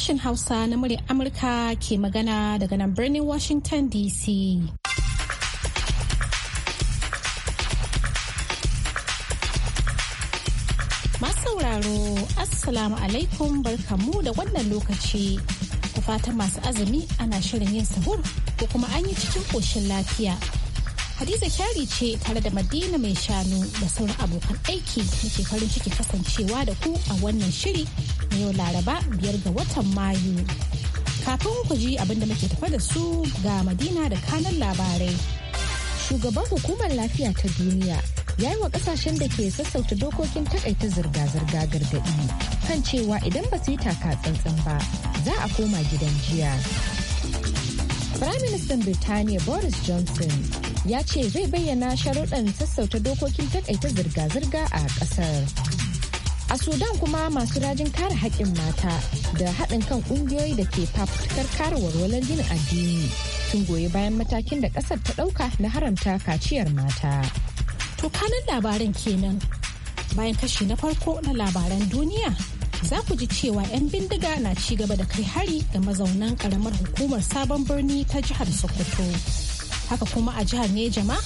sashen Hausa na muryar Amurka ke magana daga nan birnin Washington DC. sauraro Assalamu alaikum barkamu da wannan lokaci. ku fatan masu azumi ana shirin yin sahur ko kuma an yi cikin ƙoshin lafiya. Hadiza Kyari ce tare da Madina mai shanu da sauran abokan aiki muke farin ciki kasancewa da ku a wannan shiri na yau Laraba biyar ga watan Mayu. Kafin ku ji abin da muke tafa da su ga Madina da kanan labarai. Shugaban hukumar lafiya ta duniya ya yi wa kasashen da ke sassauta dokokin takaita zirga-zirga gargaɗi kan cewa idan ba su yi taka tsantsan ba za a koma gidan jiya. Firaministan Birtaniya Boris Johnson ya ce zai bayyana sharuɗan sassauta dokokin takaita zirga-zirga a ƙasar. A Sudan kuma masu rajin kare haƙƙin mata da haɗin kan ƙungiyoyi da ke fafutukar kare walwalar yin addini sun goyi bayan matakin da ƙasar ta ɗauka na haramta kaciyar mata. To kanan labaran kenan bayan kashi na farko na labaran duniya za ku ji cewa 'yan bindiga na ci gaba da kai hari ga mazaunan ƙaramar hukumar sabon birni ta jihar Sokoto. haka kuma a jihar neja ma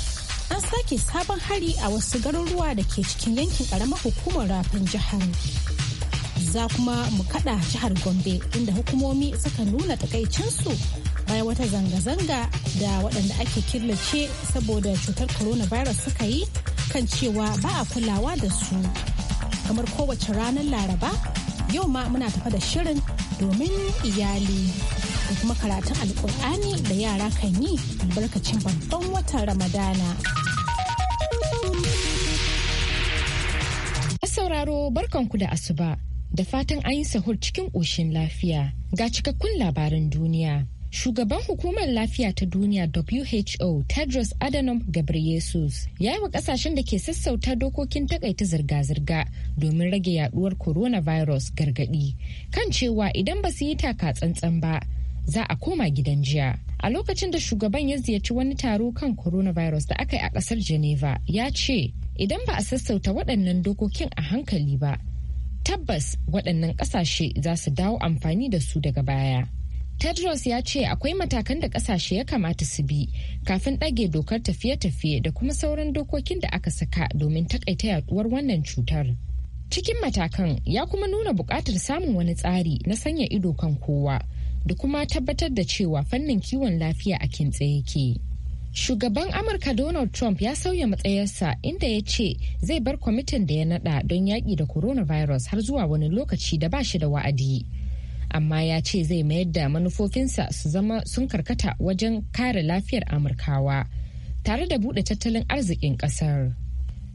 an sake sabon hari a wasu garuruwa da ke cikin yankin karamar hukumar rafin jihar za kuma mu kada jihar gombe inda hukumomi suka nuna takaicinsu bayan wata zanga-zanga da waɗanda ake killace saboda cutar corona virus suka yi kan cewa ba a kulawa da su kamar kowace ranar laraba yau ma muna tafa da shirin domin iyali. da kuma karatun alkur'ani da yara kan yi albarkacin babban watan ramadana a sauraro barkanku da asuba da fatan an yi sahur cikin ƙoshin lafiya ga cikakkun labaran duniya shugaban hukumar lafiya ta duniya who tedros adhanom ghebreyesus ya yi wa kasashen da ke sassauta dokokin takaita zirga-zirga domin rage yaduwar coronavirus gargadi kan cewa idan ba su yi taka tsantsan ba za a koma gidan jiya. A lokacin da shugaban ya ziyarci wani taro kan coronavirus da aka yi a ƙasar Geneva ya ce idan ba a sassauta waɗannan dokokin a hankali ba, tabbas waɗannan ƙasashe za su dawo amfani da su daga baya. Tedros ya ce akwai matakan da ƙasashe ya kamata su bi kafin ɗage dokar tafiye-tafiye da kuma sauran dokokin da aka saka domin taƙaita yaduwar wannan cutar. Cikin matakan ya kuma nuna buƙatar samun wani tsari na sanya ido kan kowa da kuma tabbatar da cewa fannin kiwon lafiya a kintse yake. Shugaban Amurka Donald Trump ya sauya matsayarsa inda ya ce zai bar kwamitin da ya nada don yaƙi da coronavirus har zuwa wani lokaci da ba shi da wa'adi. Amma ya ce zai mayar da manufofinsa su zama sun karkata wajen kare lafiyar Amurkawa tare da buɗe tattalin arzikin ƙasar.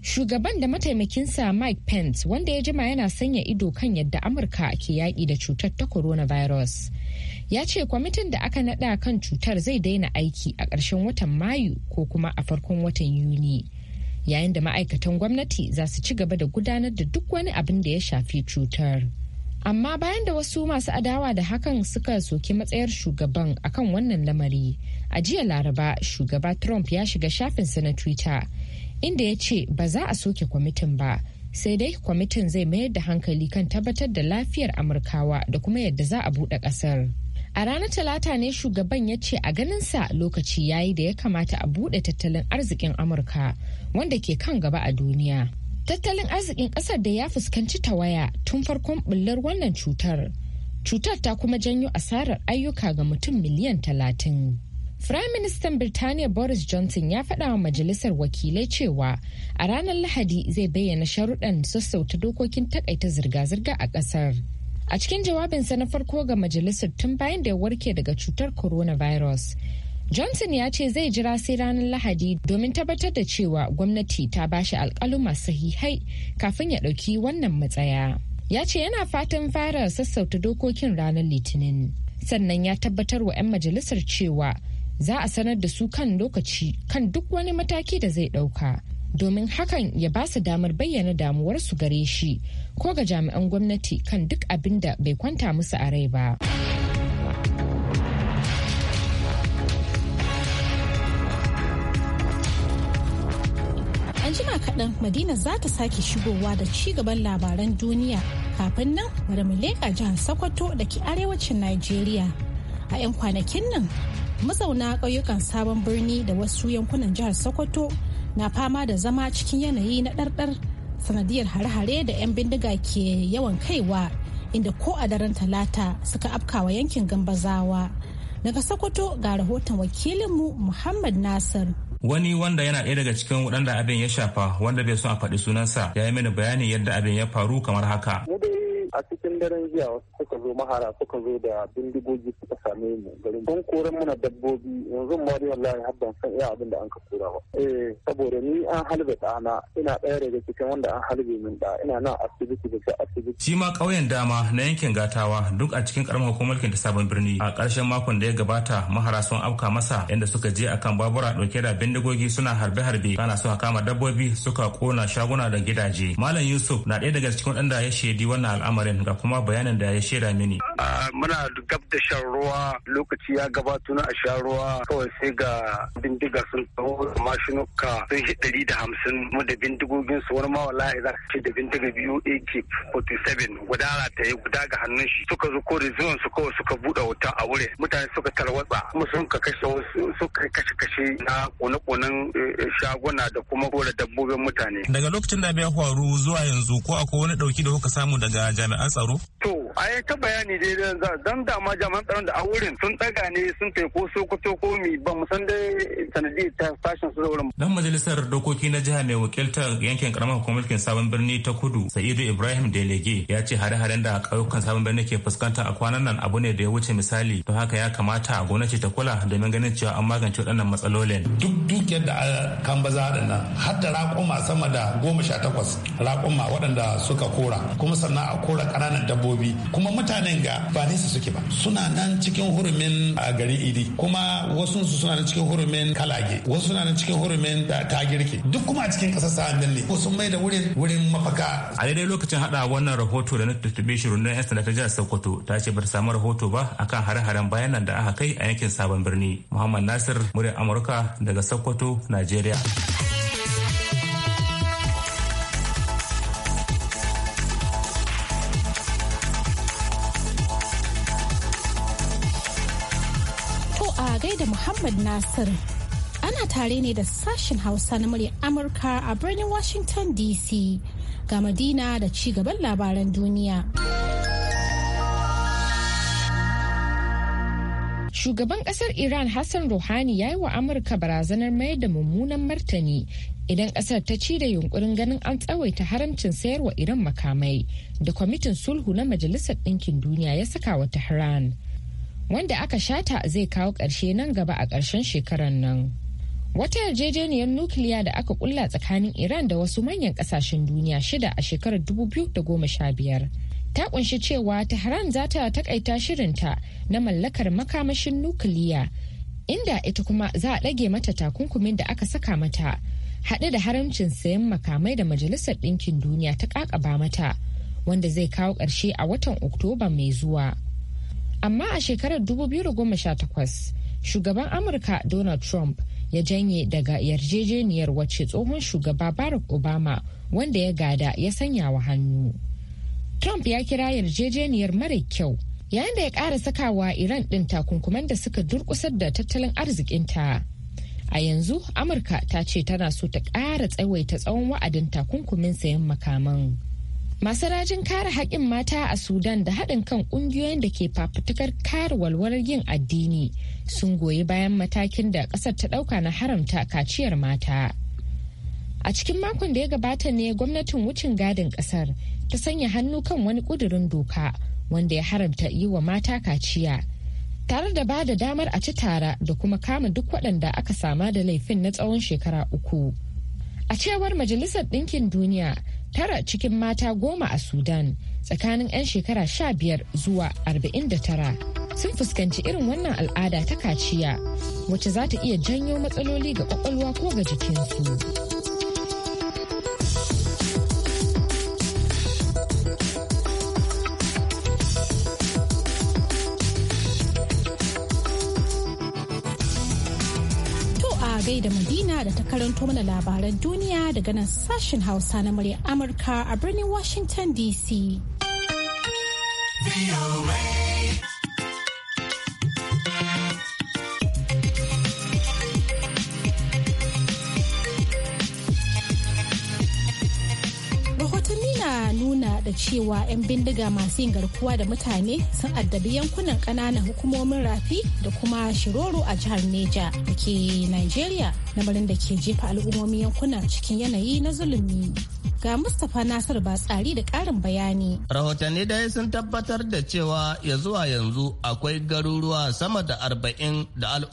Shugaban da mataimakinsa Mike Pence wanda ya jima yana sanya ido kan yadda Amurka ke yaƙi da cutar ta coronavirus. Ya ce kwamitin da aka naɗa kan cutar zai daina aiki a ƙarshen watan Mayu ko kuma a farkon watan Yuni. Yayin da ma'aikatan gwamnati za su ci gaba da gudanar da duk wani abin da ya shafi cutar. Amma bayan da wasu masu adawa da hakan suka soki matsayar shugaban akan wannan lamari, a jiya Laraba shugaba Trump ya shiga shafinsa na Twitter. inda ya ce ba za a soke kwamitin ba sai dai kwamitin zai mayar da hankali kan tabbatar da lafiyar amurkawa da kuma yadda za a buɗe ƙasar a ranar talata ne shugaban ya ce a ganin sa lokaci yayi da ya kamata a buɗe tattalin arzikin amurka wanda ke kan gaba a duniya tattalin arzikin ƙasar da ya fuskanci tawaya tun farkon bullar wannan cutar cutar ta kuma janyo asarar ayyuka ga mutum miliyan talatin. Firaministan Birtaniya Boris Johnson ya faɗa wa Majalisar Wakilai cewa a ranar Lahadi zai bayyana sharuɗan sassauta dokokin takaita zirga-zirga a ƙasar. A cikin jawabinsa na farko ga majalisar tun bayan da ya warke daga cutar coronavirus. Johnson ya ce zai jira sai ranar Lahadi domin tabbatar da cewa gwamnati ta bashi alƙaluma sahihai kafin ya ɗauki wannan matsaya. Ya ce yana fatan fara sassauta dokokin ranar Litinin. sannan ya tabbatar wa 'yan majalisar cewa za a sanar da su kan lokaci kan duk wani mataki da zai ɗauka domin hakan ya ba su damar bayyana damuwarsu gare shi ko ga jami'an gwamnati kan duk abin da bai kwanta musu a rai ba. An jima kaɗan Madina za ta sake shigowa da ci gaban labaran duniya kafin nan bari mu leƙa jihar Sokoto da ke arewacin Najeriya. A 'yan kwanakin nan mazauna ƙauyukan sabon birni da wasu yankunan jihar sokoto na fama da zama cikin yanayi na ɗarɗar sanadiyar hare-hare da 'yan bindiga ke yawan kaiwa inda ko a daren talata suka afkawa yankin gambazawa daga sokoto ga rahoton wakilinmu muhammad nasir wani wanda yana ɗaya daga cikin waɗanda abin ya shafa wanda bai so a faɗi sunansa ya yi mini bayanin yadda abin ya faru kamar haka a cikin daren jiya wasu suka zo mahara suka zo da bindigogi suka same mu garin sun koren mana dabbobi yanzu ma dai wallahi har ban san iya abin da an ka kora ba eh saboda ni an halbe ɗana ina ɗaya daga cikin wanda an halbe min da ina nan asibiti da asibiti shi ma ƙauyen dama na yankin gatawa duk a cikin karamar hukumar da sabon birni a ƙarshen makon da ya gabata mahara sun afka masa Yanda suka je akan babura ɗauke da bindigogi suna harbe-harbe kana suka kama dabbobi suka kona shaguna da gidaje malam yusuf na ɗaya daga cikin waɗanda ya shaidi wannan al'amari lamarin ga kuma bayanin da ya shaida mini. muna gab da shan ruwa lokaci ya gabato na a sha ruwa kawai sai ga bindiga sun tsawo mashinuka sun shi ɗari da hamsin mu da bindigogin su wani mawala ya za ce da bindiga biyu ak 47 guda ta yi guda ga hannun shi suka zo ko rizuwan su kawai suka buɗe wuta a wuri mutane suka tarwatsa kuma sun ka kashe ka kashe kashe na kone-konen eh, eh, shaguna da kuma kore dabbobin mutane. daga lokacin da ya faru zuwa yanzu ko akwai wani ɗauki da kuka samu daga jami'an an tsaro? To, a ta bayani dai dan dama jami'an tsaron da a wurin sun ɗaga ne sun tafi Dan majalisar dokoki na Jihar mai wakiltar yankin karamar hukumar mulkin sabon birni ta kudu Sa'idu Ibrahim Delege ya ce hare-haren da kayukan sabon birni ke fuskanta a kwanan nan abu ne da ya wuce misali don haka ya kamata a gwamnati ta kula domin ganin cewa an magance waɗannan matsalolin. Duk dukiyar da kan baza nan har da raƙuma sama da goma sha takwas raƙuma waɗanda suka kora kuma sannan a kora ƙananan dabbobi kuma mutanen ga ba nisa suke ba suna nan cikin hurumin a gari idi kuma wasu suna nan cikin hurumin kalage wasu na nan cikin hurumin da ta girke duk kuma a cikin kasar sa'an nan ne ko sun mai da wurin wurin mafaka a daidai lokacin hada wannan rahoto da na tuntube shi rundunar yan sanda ta jihar sokoto ta ce bata samu rahoto ba akan hare-haren bayan nan da aka kai a yankin sabon birni muhammad nasir muryar amurka daga sokoto nigeria da Muhammad Nasir tare ne da sashen Hausa na murya Amurka a birnin Washington DC ga Madina da ci gaban labaran duniya. Shugaban kasar Iran Hassan Rouhani ya yi wa Amurka barazanar mai da mummunan martani idan kasar ta ci da yunkurin ganin an tsawaita haramcin sayarwa Iran makamai da kwamitin sulhu na Majalisar Ɗinkin Duniya ya saka wa Tehran. wanda aka shata zai kawo ƙarshe nan gaba a ƙarshen shekarar nan. Wata yarjejeniyar nukiliya da aka kulla tsakanin Iran da wasu manyan kasashen duniya shida a shekarar 2015 ta kunshi cewa Tehran za ta takaita shirinta na mallakar makamashin nukiliya inda ita kuma za a ɗage mata takunkumin da aka saka mata haɗe da haramcin sayan makamai da Majalisar Ɗinkin Duniya ta ƙaƙaba mata wanda zai kawo ƙarshe a watan Oktoba mai zuwa. Amma a shekarar 2018 shugaban Amurka Donald Trump ya janye daga yarjejeniyar wacce tsohon shugaba barack obama wanda ya gada ya sanya wa hannu trump ya kira yarjejeniyar mara kyau yayin da ya ƙara sakawa iran ɗin takunkuman da suka durƙusar da tattalin arzikinta a yanzu amurka ta ce tana so ta ƙara tsawaita tsawon wa'adin takunkumin sayan makaman Masu rajin kare haƙƙin mata a Sudan da haɗin kan ƙungiyoyin da ke fafutukar kare walwalar yin addini sun goyi bayan matakin da ƙasar ta ɗauka na haramta kaciyar mata. A cikin makon da ya gabata ne gwamnatin wucin gadin ƙasar ta sanya hannu kan wani ƙudurin doka wanda ya haramta yi wa mata kaciya. Tare da ba da damar a ci tara da kuma kama duk waɗanda aka sama da laifin na tsawon shekara uku. A cewar Majalisar Ɗinkin Duniya, tara cikin mata goma a Sudan tsakanin 'yan shekara sha biyar zuwa arba'in da tara sun fuskanci irin wannan al'ada ta kaciya wacce za ta iya janyo matsaloli ga kwakwalwa ko ga jikinsu. da Madina da ta karanto mana labaran duniya daga nan sashen Hausa na murya Amurka a birnin Washington DC. da cewa 'yan bindiga masu yin garkuwa da mutane sun addabi yankunan ƙananan hukumomin rafi da kuma shiroro a jihar neja da ke nigeria lamarin da ke jefa al'ummomin yankunan cikin yanayi na zulumi Ga Mustapha Nasir tsari da ƙarin bayani. Rahotanni dai sun tabbatar da cewa ya zuwa yanzu akwai garuruwa sama da arba'in da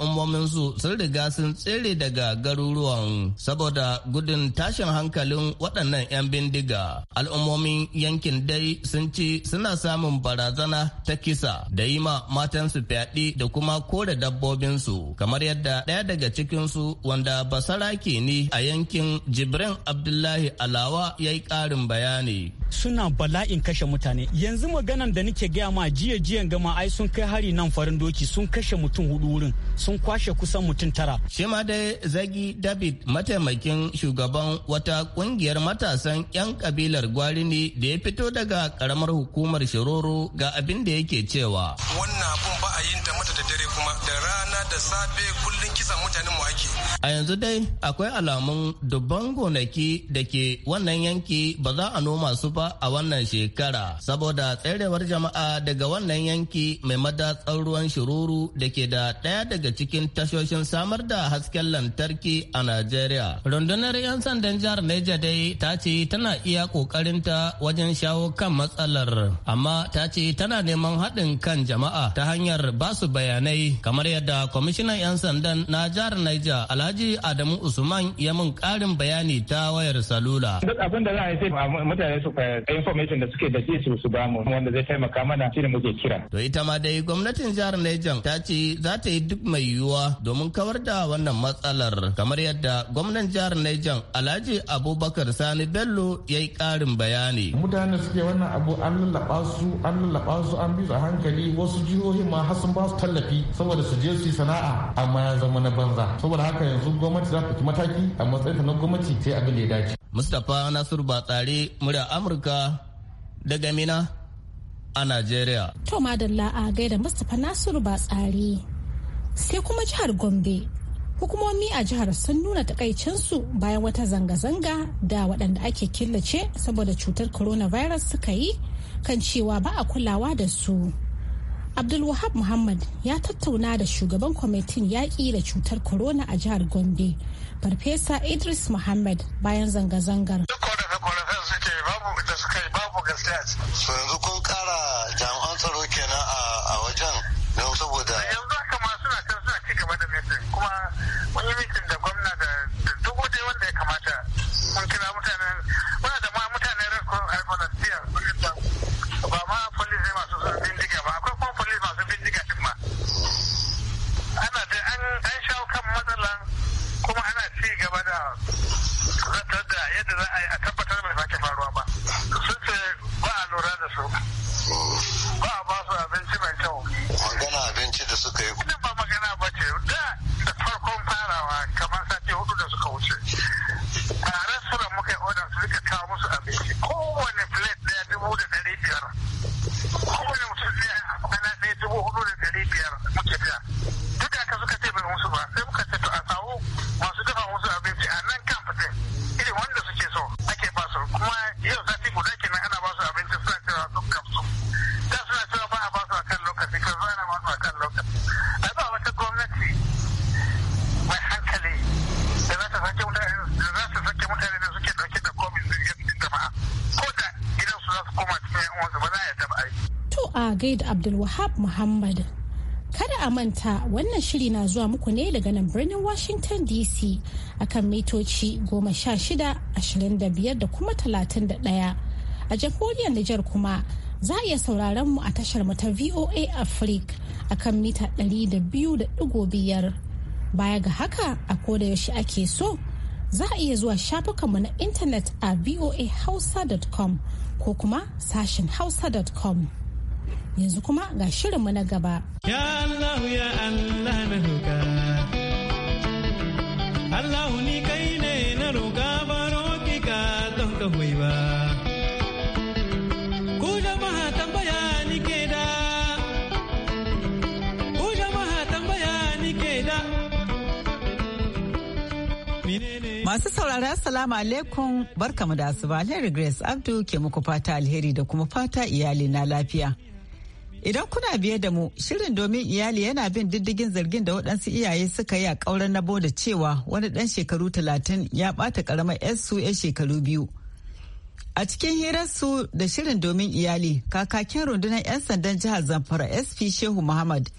su sun riga sun tsere daga garuruwan saboda gudun tashin hankalin waɗannan 'yan bindiga. Al'ummomin yankin dai sun ci suna samun barazana ta kisa da yi ma matansu fyaɗe da kuma kore dabbobinsu kamar yadda ɗaya daga cikinsu wanda basaraki ne a yankin Jibrin Abdullahi Alawa ya yi ƙarin bayani. Suna bala'in kashe mutane. Yanzu maganan da nake gaya ma jiya jiyan gama ai sun kai hari nan farin doki sun kashe mutum hudu wurin sun kwashe kusan mutum tara. Shi ma dai Zagi David mataimakin shugaban wata ƙungiyar matasan 'yan kabilar Gwari ne da ya fito daga ƙaramar hukumar Shiroro ga abin da yake cewa. kwanta mata da dare kuma da rana da safe kullum kisan mutanen mu ake. A yanzu dai akwai alamun dubban gonaki da ke wannan yanki ba za a noma su ba a wannan shekara saboda tserewar jama'a daga wannan yanki mai madatsar ruwan shiruru da ke da ɗaya daga cikin tashoshin samar da hasken lantarki a Najeriya. Rundunar 'yan sandan jihar Neja dai ta ce tana iya ƙoƙarinta wajen shawo kan matsalar amma ta ce tana neman haɗin kan jama'a ta hanyar ba su bayanai kamar yadda kwamishinan 'yan sandan na jihar naija Alhaji Adamu Usman ya mun karin bayani ta wayar salula. Duk abin da za a yi sai mutane su information da suke da ke su su bamu wanda zai taimaka mana shi muke kira. To ita ma dai gwamnatin jihar naija ta ce za ta yi duk mai yiwuwa domin kawar da wannan matsalar kamar yadda gwamnan jihar naija Alhaji Abubakar Sani Bello ya yi karin bayani. Mutane suke wannan abu an lallaba su an lallaba su an bi su hankali wasu jihohi ma har sun ba musu tallafi saboda su je su yi sana'a amma ya zama na banza saboda haka yanzu gwamnati za ta ki mataki a matsayinta na gwamnati sai abin da ya dace. Mustapha Nasiru Batsari murya Amurka daga Mina a nigeria. To madalla a gaida Mustapha Nasiru batsare sai kuma jihar Gombe hukumomi a jihar sun nuna takaicinsu bayan wata zanga-zanga da waɗanda ake killace saboda cutar coronavirus suka yi kan cewa ba a kulawa da su. Abdulwahab Muhammad ya tattauna da shugaban kwamitin yaƙi da cutar corona a jihar Gombe, Farfesa Idris Muhammad bayan zanga-zangar. Duk korafe-korafen suke babu da suka yi babu gaskiya. So yanzu kun kara jami'an tsaro kenan a wajen don saboda. Yanzu haka ma suna can suna ci gaba da mitin kuma mun yi mitin da gwamna da duk wanda ya kamata. Mun kira mutanen gaida Abdulwahab Muhammad. Kada a manta wannan shiri na zuwa muku ne daga nan birnin Washington DC a kan mitoci goma sha shida ashirin da da kuma talatin da ɗaya. A jamhuriyar Nijar kuma za a iya sauraron mu a tashar mu ta VOA Africa a kan mita ɗari da biyu da Baya ga haka a koda yaushe ake so za a iya zuwa shafukanmu na intanet a voahausa.com ko kuma sashin hausa.com. yanzu kuma ga shirinmu na gaba. Ya Allah ya Allah na roƙa. Allah ni kai ne na roƙa ba roƙi ka don ka hui ba. Ku jama'a tambaya ni ke da. Ku jama'a tambaya ni ke da. Masu saurara salamu alaikum barkamu da asuba Alheri Grace Abdu ke muku fata alheri da kuma fata iyali na lafiya. Idan kuna biye da mu, shirin domin iyali yana bin diddigin zargin da waɗansu iyaye suka yi a ƙauren na da cewa wani ɗan shekaru talatin ya ɓata ƙaramar yasu 'yan shekaru biyu. A cikin hirarsu da shirin domin iyali, kakakin rundunar 'yan sandan jihar Zamfara SP Shehu Muhammad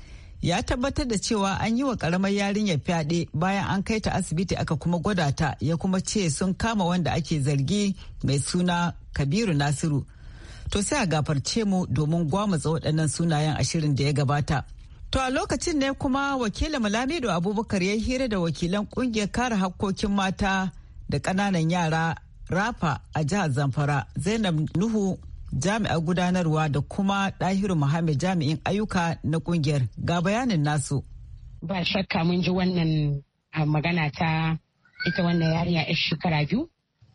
ya tabbatar da cewa an yi wa ƙaramar yarinyar fyaɗe bayan an kai ta asibiti aka kuma gwada ta ya kuma ce sun kama wanda ake zargi mai suna Kabiru Nasiru. to sai a gafarce mu domin gwamutsa waɗannan sunayen ashirin da ya gabata. To a lokacin ne kuma wakilin Malamido Abubakar ya hira da wakilan kungiyar kare hakkokin mata da ƙananan yara Rafa a jihar Zamfara Zainab Nuhu jami'ar gudanarwa da kuma Dahiru Muhammad jami'in ayyuka na kungiyar ga bayanin nasu. Ba shakka mun ji wannan ah, magana ta ita wannan yariya 'yar shekara biyu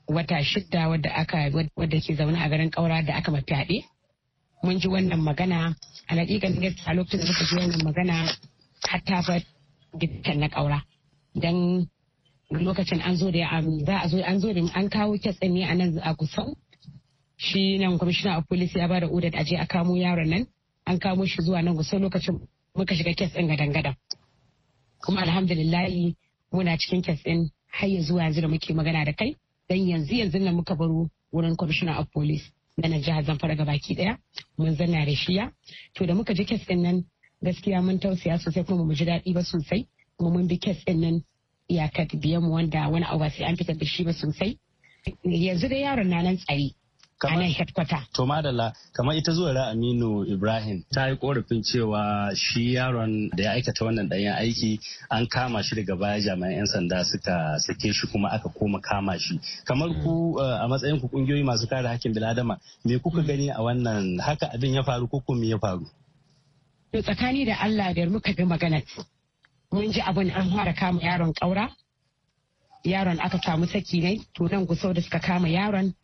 wata shidda wadda aka wadda ke zaune a garin kaura da aka mafi mun ji wannan magana a hakikan a lokacin da muka ji wannan magana hatta ba gidan na kaura dan lokacin an zo da za a zo an zo da an kawo kitsin ne a nan a kusan shi nan kwamishina a polisi ya bada odar je a kamo yaron nan an kamo shi zuwa nan kusan lokacin muka shiga kyas din gadan gadan kuma alhamdulillahi muna cikin kes ɗin har ya zuwa yanzu da muke magana da kai dan yanzu yanzu na muka baro wurin commissioner of police na na jihar zamfara ga baki daya mun zanna da shiya to da muka ji kes din nan gaskiya mun tausaya sosai kuma mu ji daɗi ba sosai kuma mun bi kes din nan iyakar biyan mu wanda wani abu sai an fitar da shi ba sosai yanzu da yaron na nan tsari. kamar headquarter. To madalla kamar ita zuwa Aminu Ibrahim ta yi korafin cewa shi yaron da ya aikata wannan ɗanyen aiki an kama shi daga baya jami'an 'yan sanda suka sake shi kuma aka koma kama shi. Kamar ku eh, a matsayin ku kungiyoyi masu kare hakkin biladama me kuka mm. gani a wannan haka abin ya faru ko kuma me ya faru? to Tsakani da Allah da muka bi magana mun ji abin an fara kama yaron ƙaura yaron aka samu saki ne to nan gusau da suka kama yaron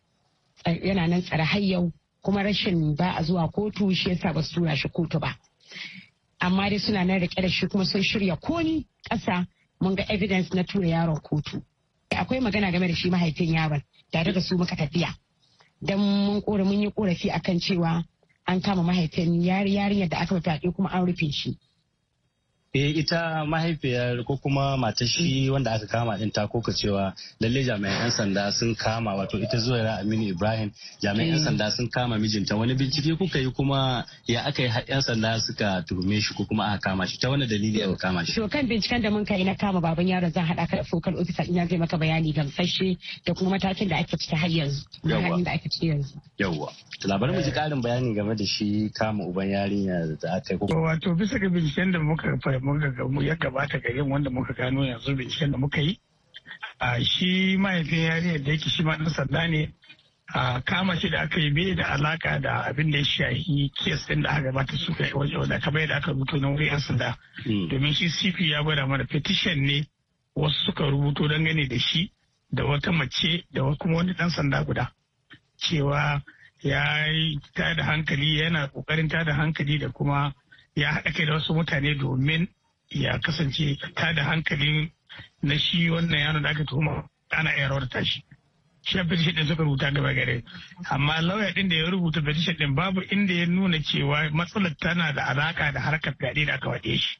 yana nan tsare har yau kuma rashin ba a zuwa kotu shi yasa ba su tura shi kotu ba amma dai suna nan rike da shi kuma sun shirya koni ƙasa mun ga evidence na tura yaron kotu akwai magana game da shi mahaifin yaron tare da su muka tafiya dan mun kora mun yi korafi akan cewa an kama mahaifin yarinyar da aka fyaɗe kuma an rufe shi Eh ita mahaifiyar ko kuma mata shi wanda aka kama din ta koka cewa lalle jami'an 'yan sanda sun kama wato ita zuwa Aminu Ibrahim jami'an 'yan mm. sanda sun kama mijinta wani bincike kuka yi kuma ya aka yi 'yan sanda suka tuhume shi ko kuma aka kama shi ta wani dalili aka kama shi. To kan binciken da mun kai na kama baban yaron zan hada ka da focal officer ina zai maka bayani gamsashe da kuma matakin da ake ciki har yanzu. Yawwa. Da ake ciki yanzu. Yawwa. Labarin mu ji karin eh. bayani game da shi kama uban yarinya da aka yi. Wato bisa ga binciken da muka da ya gabata yin wanda muka gano yanzu binciken da muka yi a shi mahaifin yariyar da yake shi ma sanda ne a kama shi da aka yi bai da alaka da abin da ya shahi kes din da aka gabata su yi wajen da kamar yadda aka rubuto na wuri yan sanda hmm. domin shi cp ya gwada mana petition ne wasu suka rubuto dangane da shi da wata mace da kuma wani dan sanda guda cewa ya yi ta da hankali yana kokarin da hankali da kuma ya haɗa kai da wasu mutane domin ya kasance ta da hankalin na shi wannan yanar da aka tuhuma ana rawar ta shi ya fi din suka rubuta gaba gare amma lauya ɗin da ya rubuta fi din babu inda ya nuna cewa matsalar tana da alaka da harkar fyaɗe da aka waɗe shi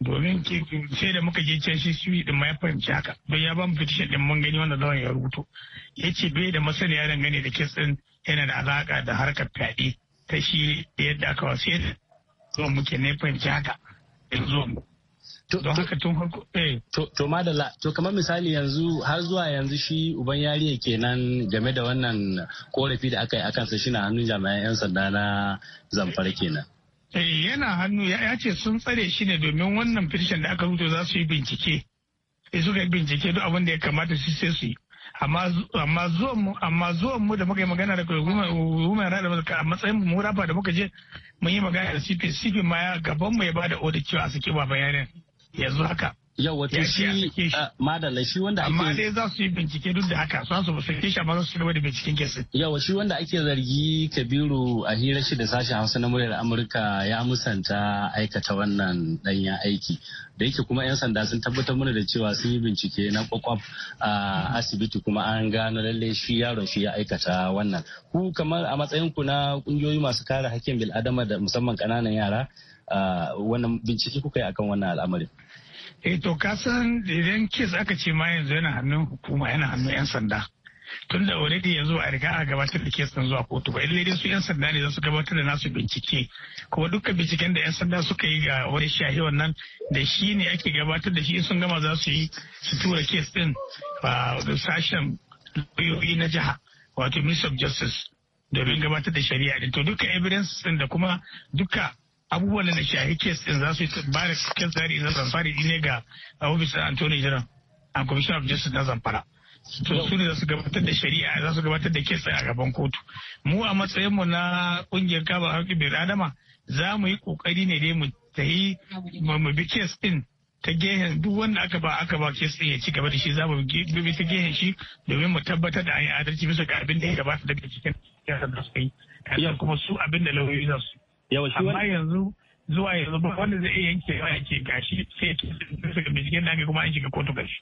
domin sai da muka je can shi suyi din ma ya fahimci haka don ya mu fi din mun gani wanda lauyan ya rubuto ya ce bai da masaniya dangane da kitsin yana da alaka da harkar fyaɗe ta shi yadda aka wasu Zuwa muke ne jaga haka Zuwa mu don haka tun haku eh to madalla to kamar misali yanzu har zuwa yanzu shi uban yari yariya kenan game da wannan korafi da aka yi akan sa na hannun jami'an yan sanda na zamfara kenan eh yana hannu ya ce sun tsare shi ne domin wannan fitishin da aka rubuta za su yi bincike sai eh, suka yi bincike duk abin da ya kamata su sai su yi amma zuwan mu da muka yi magana da kuma rada a matsayin mu rafa da muka je mun yi magana da cp cp ma ya gaban mai ba da oda cewa a saki ba yanin yanzu haka yau wato shi eh, madalla shi wanda ake amma dai za su yi bincike duk da haka su su sake shi amma za su gaba da binciken kesi yau shi wanda ake zargi kabiru a hira shi da sashen hausa na muryar amurka ya musanta aikata wannan danya aiki da yake kuma yan sanda sun tabbatar mana da cewa sun yi bincike na kwakwaf a asibiti kuma an gano lalle shi yaron shi ya aikata wannan ku kamar a matsayin ku na kungiyoyi masu kare hakkin bil'adama da musamman kananan yara eh, wannan bincike kuka yi akan wannan al'amarin eh to ka san idan kes aka ce ma yanzu yana hannun hukuma yana hannun yan sanda tun da already yanzu a riga a gabatar da kes ɗin zuwa kotu ba illai dai su yan sanda ne za su gabatar da nasu bincike kuma duka binciken da yan sanda suka yi ga wani shahi wannan da shi ne ake gabatar da shi in sun gama za su yi su tura kes din a sashen lauyoyi na jiha wato minister of justice domin gabatar da shari'a din to duka evidence din da kuma duka abubuwan da shahi kes ɗin za su yi ba da kes zari na zamfara ne ga ofisar antony jiran a commissioner of justice na zamfara to su ne za su gabatar da shari'a za su gabatar da kes a gaban kotu mu a matsayinmu na ƙungiyar kaba haƙƙi bai adama za mu yi kokari ne dai mu yi mu bi kes ɗin ta gehen duk wanda aka ba aka ba kes din ya ci gaba da shi za mu bi ta gehen shi domin mu tabbatar da an yi adalci bisa ga abin da ya gabata daga cikin siyasar da su yi kuma su abin da lauyoyi za su amma yanzu zuwa yanzu ba wanda zai iya yanke ya ce gashi sai suka bincike na kuma an shiga kotu gashi.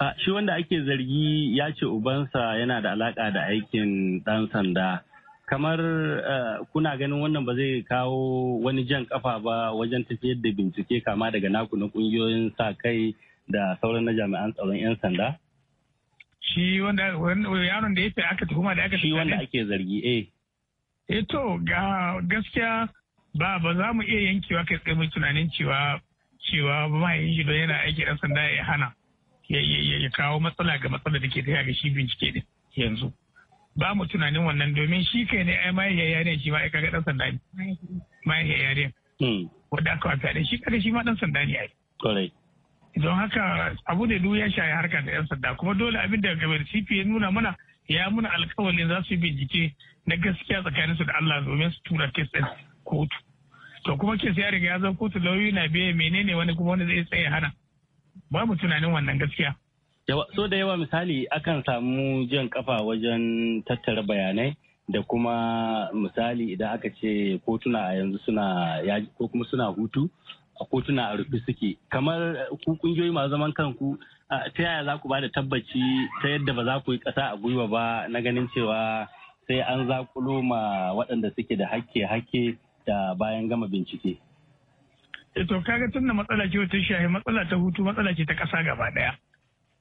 a shi wanda ake zargi ya ce ubansa yana da alaka da aikin dan sanda kamar eh, kuna ganin wannan ba zai kawo wani jan kafa ba wajen tafiyar da bincike kama daga naku na kungiyoyin sa kai da sauran na jami'an tsaron 'yan sanda? Shi wanda yaron da ya aka tuhuma da aka Shi wanda ake zargi eh. E to ga gaskiya ba ba za mu iya yankewa kai tsaye mai tunanin cewa cewa mahaifin shi don yana aiki ɗan sanda ya hana ya kawo matsala ga matsala da ke tafiya ga shi bincike din yanzu. Ba mu tunanin wannan domin shi kai ne ai mahaifiyar yare shi ma ai kaga ɗan sanda ne. Mahaifiyar yare. Hmm. Wanda aka wata da shi kaga shi ma ɗan sanda ne ai. Kwarai. Don haka abu da ya shaye harka da 'yan sanda kuma dole abin da gabar CP ya nuna mana ya muna alkawalin za su yi bincike na gaskiya tsakanin su da Allah domin su tura kes ɗin kotu to kuma kes ya riga ya zama kotu lauyi na biye menene wani kuma wani zai tsaye hana ba mu tunanin wannan gaskiya so da yawa misali akan samu jan kafa wajen tattara bayanai da kuma misali idan aka ce kotuna a yanzu suna ko kuma suna hutu a kotuna a rufe suke kamar ku kungiyoyi masu zaman kanku ta yaya za ku ba da tabbaci ta yadda ba za ku yi kasa a gwiwa ba na ganin cewa sai an zakulo ma waɗanda suke da hakke-hakke da bayan gama bincike. Eh, to kaga tun da matsala ce wata shahi matsala ta hutu matsala ce ta ƙasa gaba daya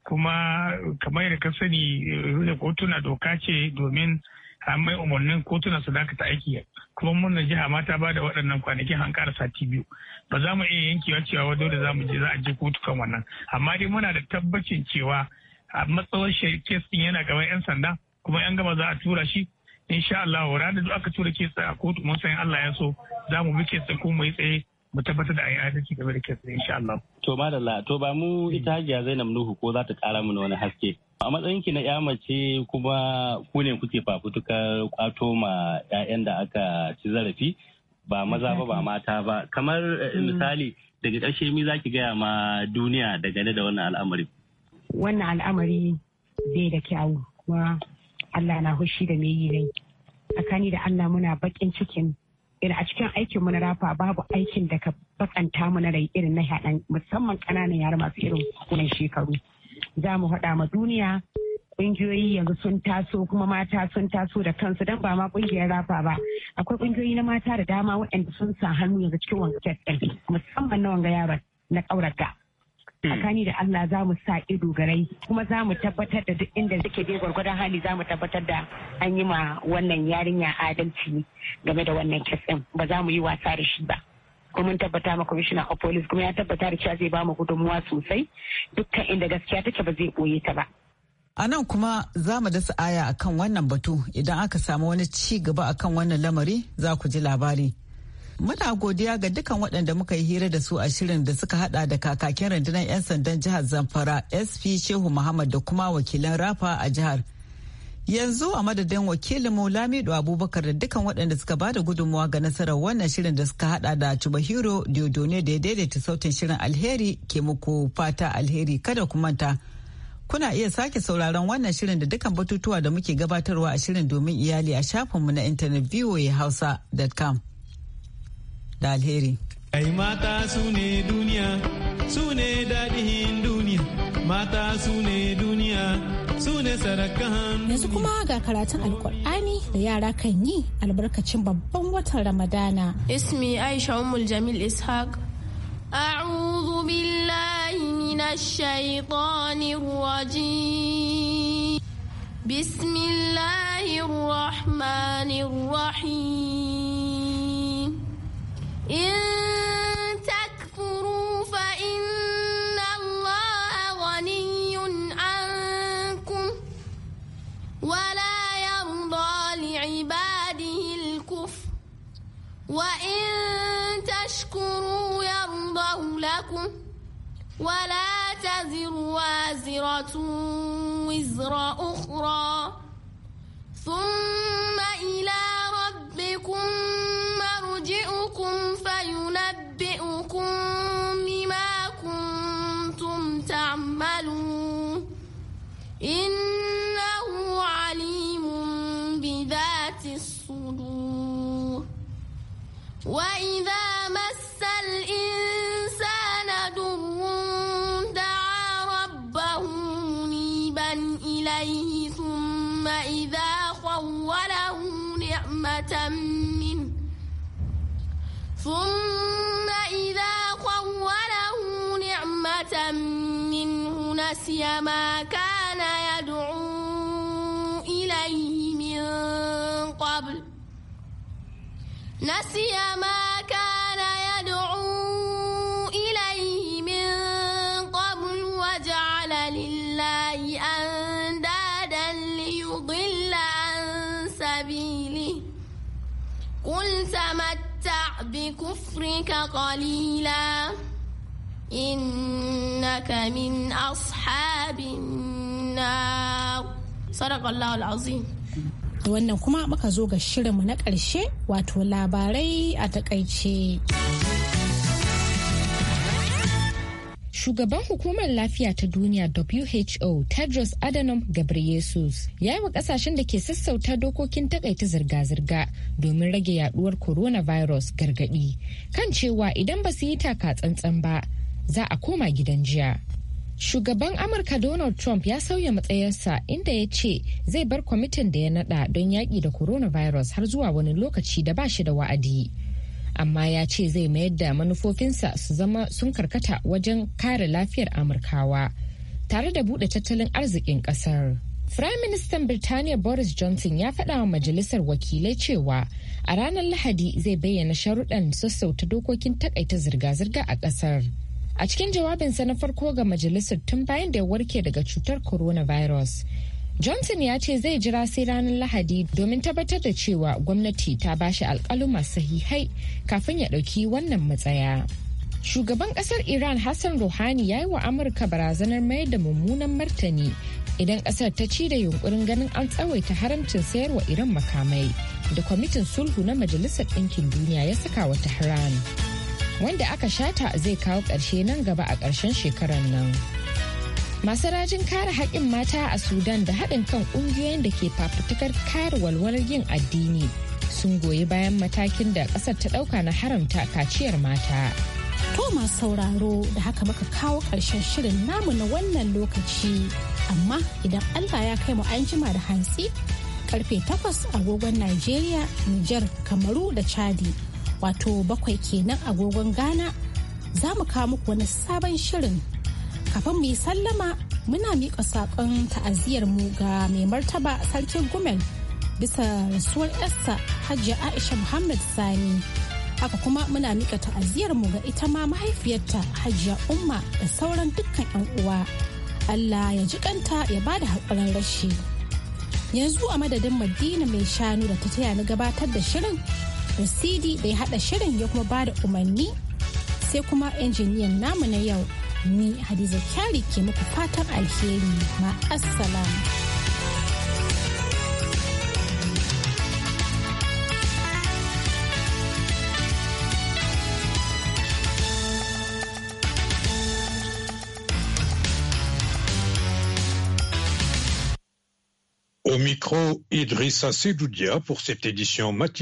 kuma kamar da ka sani eh, kotuna doka ce domin an mai umarnin kotuna su dakata aiki kuma mun jiha ma ta da waɗannan kwanakin an ƙara sati biyu ba za mu iya yankewa cewa dole za mu je za a je kotu kan wannan amma dai muna da tabbacin cewa a matsawar kes ɗin yana gaban 'yan sanda kuma yan gama za a tura shi insha Allah wa ranar da aka tura ke a kotu mun san Allah ya so za mu bi ke ko mu tsaye mu tabbatar da ayyuka yi game da ke tsaye insha Allah. To madalla to ba mu mm. ita hajiya Zainab Nuhu ko za ta kara mana wani haske. A matsayin ki na ya mace kuma ku ne kuke fafutukar kwato ma 'ya'yan da aka ci zarafi ba maza ba ba mata ba kamar eh, mm. misali daga ƙarshe mi za ki gaya ma duniya dangane da wannan al'amari. Wannan al'amari zai da kyawu kuma Allah na hushi da mai yi ne tsakani da Allah muna bakin cikin irin a cikin aikin mu na rafa babu aikin da ka bakanta mu na rai irin na haɗan musamman ƙananan yara masu irin kunan shekaru za mu haɗa ma duniya ƙungiyoyi yanzu sun taso kuma mata sun taso da kansu don ba ma ƙungiyar rafa ba akwai ƙungiyoyi na mata da dama waɗanda sun sa hannu yanzu cikin wanga musamman na wanga yaron na ƙaurata Mm. tsakani da Allah za mu sa ido garai kuma za mu tabbatar da duk inda suke dai gwargwadon hali za mu tabbatar da an yi ma wannan yarinya adalci game da wannan kitsin ba za mu yi wasa da shi ba kuma mun tabbata ma commissioner of police kuma ya tabbata da cewa zai ba mu gudunmuwa sosai dukkan inda gaskiya take ba zai koye ta ba A nan kuma za mu dasa aya akan wannan batu idan aka samu wani ci gaba akan wannan lamari za ku ji labari. Muna godiya ga dukan waɗanda muka yi hira da su a shirin da suka hada da kakakin rundunar 'yan sandan jihar Zamfara SP Shehu Muhammad da kuma wakilan Rafa a jihar. Yanzu a madadin wakilin wakilinmu Lamido Abubakar da dukan waɗanda suka bada gudunmuwa ga nasarar wannan shirin da suka hada da Chubahiro Diodone da ya daidaita sautin shirin alheri ke muku fata alheri kada ku manta. Kuna iya sake sauraron wannan shirin da dukan batutuwa da muke gabatarwa a shirin domin iyali a shafinmu na intanet voahausa.com. da alheri. Kai mata su ne duniya, su ne daɗin duniya, mata su ne duniya, su ne sarakan Yanzu kuma ga karatun alkur'ani da yara kan yi albarkacin babban watan Ramadana. Ismi Aisha Ummul Jamil Ishaq. أعوذ بالله من الشيطان الرجيم بسم الله الرحمن الرحيم إن تكفروا فإن الله غني عنكم ولا يرضى لعباده الكفر وإن تشكروا لكم ولا تزر وازرة وزر أخرى ثم إلى ربكم إنه عليم بذات الصدور وإذا مس الإنسان در دعا ربه منيبا إليه ثم إذا خوله نعمة منه ثم إذا خوله نعمة منه نسي ما كان كان يدعو إليه من قبل نسي ما كان يدعو إليه من قبل وجعل لله أندادا ليضل عن سبيله قل تمتع بكفرك قليلا إنك من أصحاب النار النار da wannan kuma muka zo ga shirinmu na ƙarshe wato labarai a takaice. Shugaban hukumar lafiya ta duniya WHO Tedros Adhanom Ghebreyesus ya yi wa kasashen da ke sassauta dokokin takaita zirga-zirga domin rage yaduwar coronavirus gargadi kan cewa idan ba su yi taka tsantsan ba za a koma gidan jiya. Shugaban Amurka Donald Trump ya sauya matsayarsa inda ya ce zai bar kwamitin da ya nada don yaƙi da coronavirus har zuwa wani lokaci da ba shi da wa'adi. Amma ya ce zai mayar da manufofinsa su zama sun karkata wajen kare lafiyar Amurkawa tare da buɗe tattalin arzikin ƙasar. Firayim Ministan Birtaniya Boris Johnson ya faɗa wa Majalisar Wakilai cewa a ranar Lahadi zai bayyana sharuɗan sassauta dokokin takaita zirga-zirga a ƙasar. A cikin jawabinsa na farko ga majalisar tun bayan da ya warke daga cutar coronavirus. Johnson ya ce zai jira sai ranar Lahadi domin tabbatar da cewa gwamnati ta ba bashi alkaluma sahihai kafin ya ɗauki wannan matsaya. Shugaban ƙasar Iran Hassan Rouhani ya yi wa Amurka barazanar mayar da mummunan martani idan ƙasar ta ci da yunkurin ganin an tsawaita haramcin sayarwa Iran makamai da kwamitin sulhu na Majalisar Ɗinkin Duniya ya saka wa Tehran. wanda aka shata zai kawo ƙarshe nan gaba a ƙarshen shekarar nan. Masu rajin kare haƙƙin mata a Sudan da haɗin kan ƙungiyoyin da ke fafutukar kare walwalar yin addini sun goyi bayan matakin da ƙasar ta ɗauka na haramta kaciyar mata. To masu sauraro da haka muka kawo ƙarshen shirin namu na wannan lokaci. Amma idan Allah ya kai mu an jima da hantsi, karfe takwas agogon Najeriya, Nijar, Kamaru da Chadi. wato bakwai kenan agogon Ghana za mu kawo muku wani sabon shirin. Kafin mu yi sallama muna miƙa saƙon ta'aziyar mu ga mai martaba sarkin Gumel bisa rasuwar esther Hajji Aisha Muhammad Sani. Haka kuma muna miƙa ta'aziyar mu ga ita ma mahaifiyarta Hajjiya Umma da sauran dukkan 'yan uwa. Allah ya ji kanta ya bada haƙurin rashi. Yanzu a madadin Madina mai shanu da ta taya ni gabatar da shirin Usidi da ya haɗa shirin ya kuma bada umarni sai kuma injiniyan namu na yau ni Hadiza Kyari ke muku fatan alheri assalamu Au micro, Idrissa Sedoudia pour cette édition matinale.